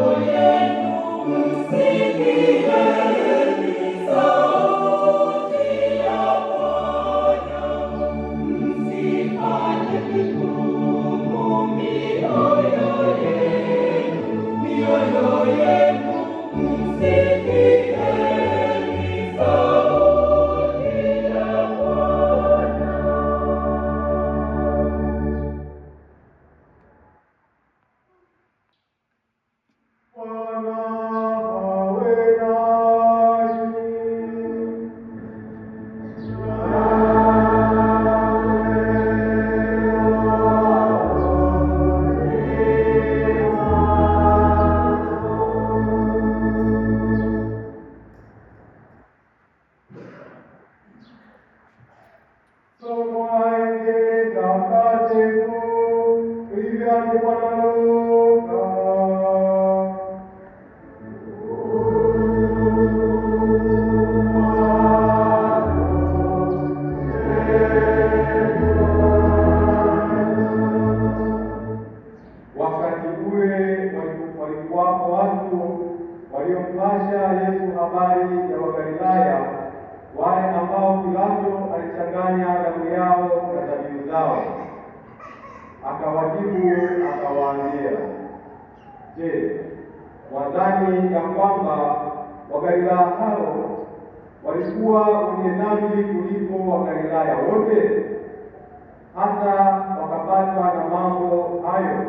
Твоєму сині, walikuwako watu waliompasha Yesu habari ya Je, wadhani ya kwamba Wagalilaya hao walikuwa wenye dhambi kuliko Wagalilaya wote hata wakapatwa na mambo hayo?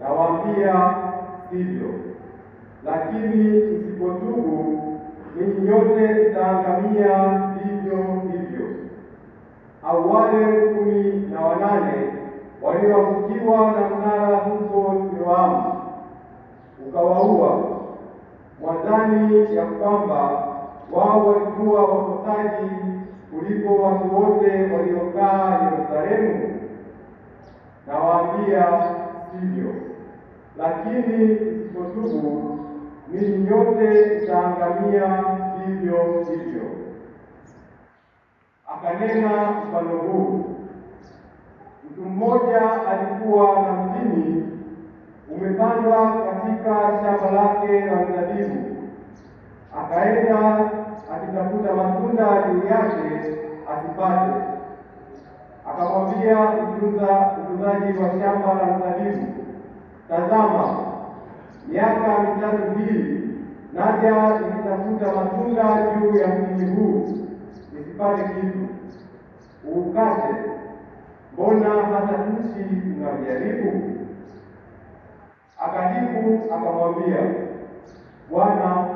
Nawaambia hivyo. Lakini msipotubu ninyi nyote mtaangamia vivyo hivyo. Au wale kumi na wanane walioangukiwa na mnara huko Siloamu ukawaua, mwadhani ya kwamba wao walikuwa wakosaji kuliko watu wote waliokaa Yerusalemu. Nawaambia sivyo, lakini msipotubu ninyi nyote mtaangamia vivyo hivyo. Akanena mfano huu: mtu mmoja alikuwa na mtini umepandwa katika shamba lake la mzabibu, akaenda akitafuta matunda juu yake asipate. Akamwambia utunzaji wa shamba la mzabibu, tazama, miaka mitatu hii naja ikitafuta matunda juu ya mtini huu nisipate kitu, uukate. Mbona hata nchi unajaribu? akamwambia, Bwana,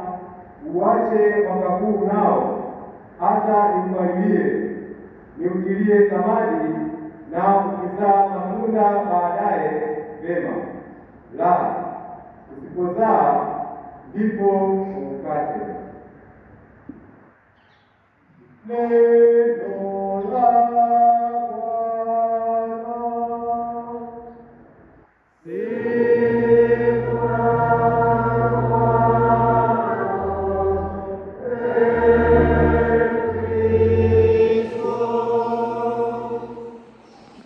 uache mwaka huu nao, hata nimpalilie, nimtilie samadi na ukizaa matunda baadaye vema, la usipozaa ndipo ukate.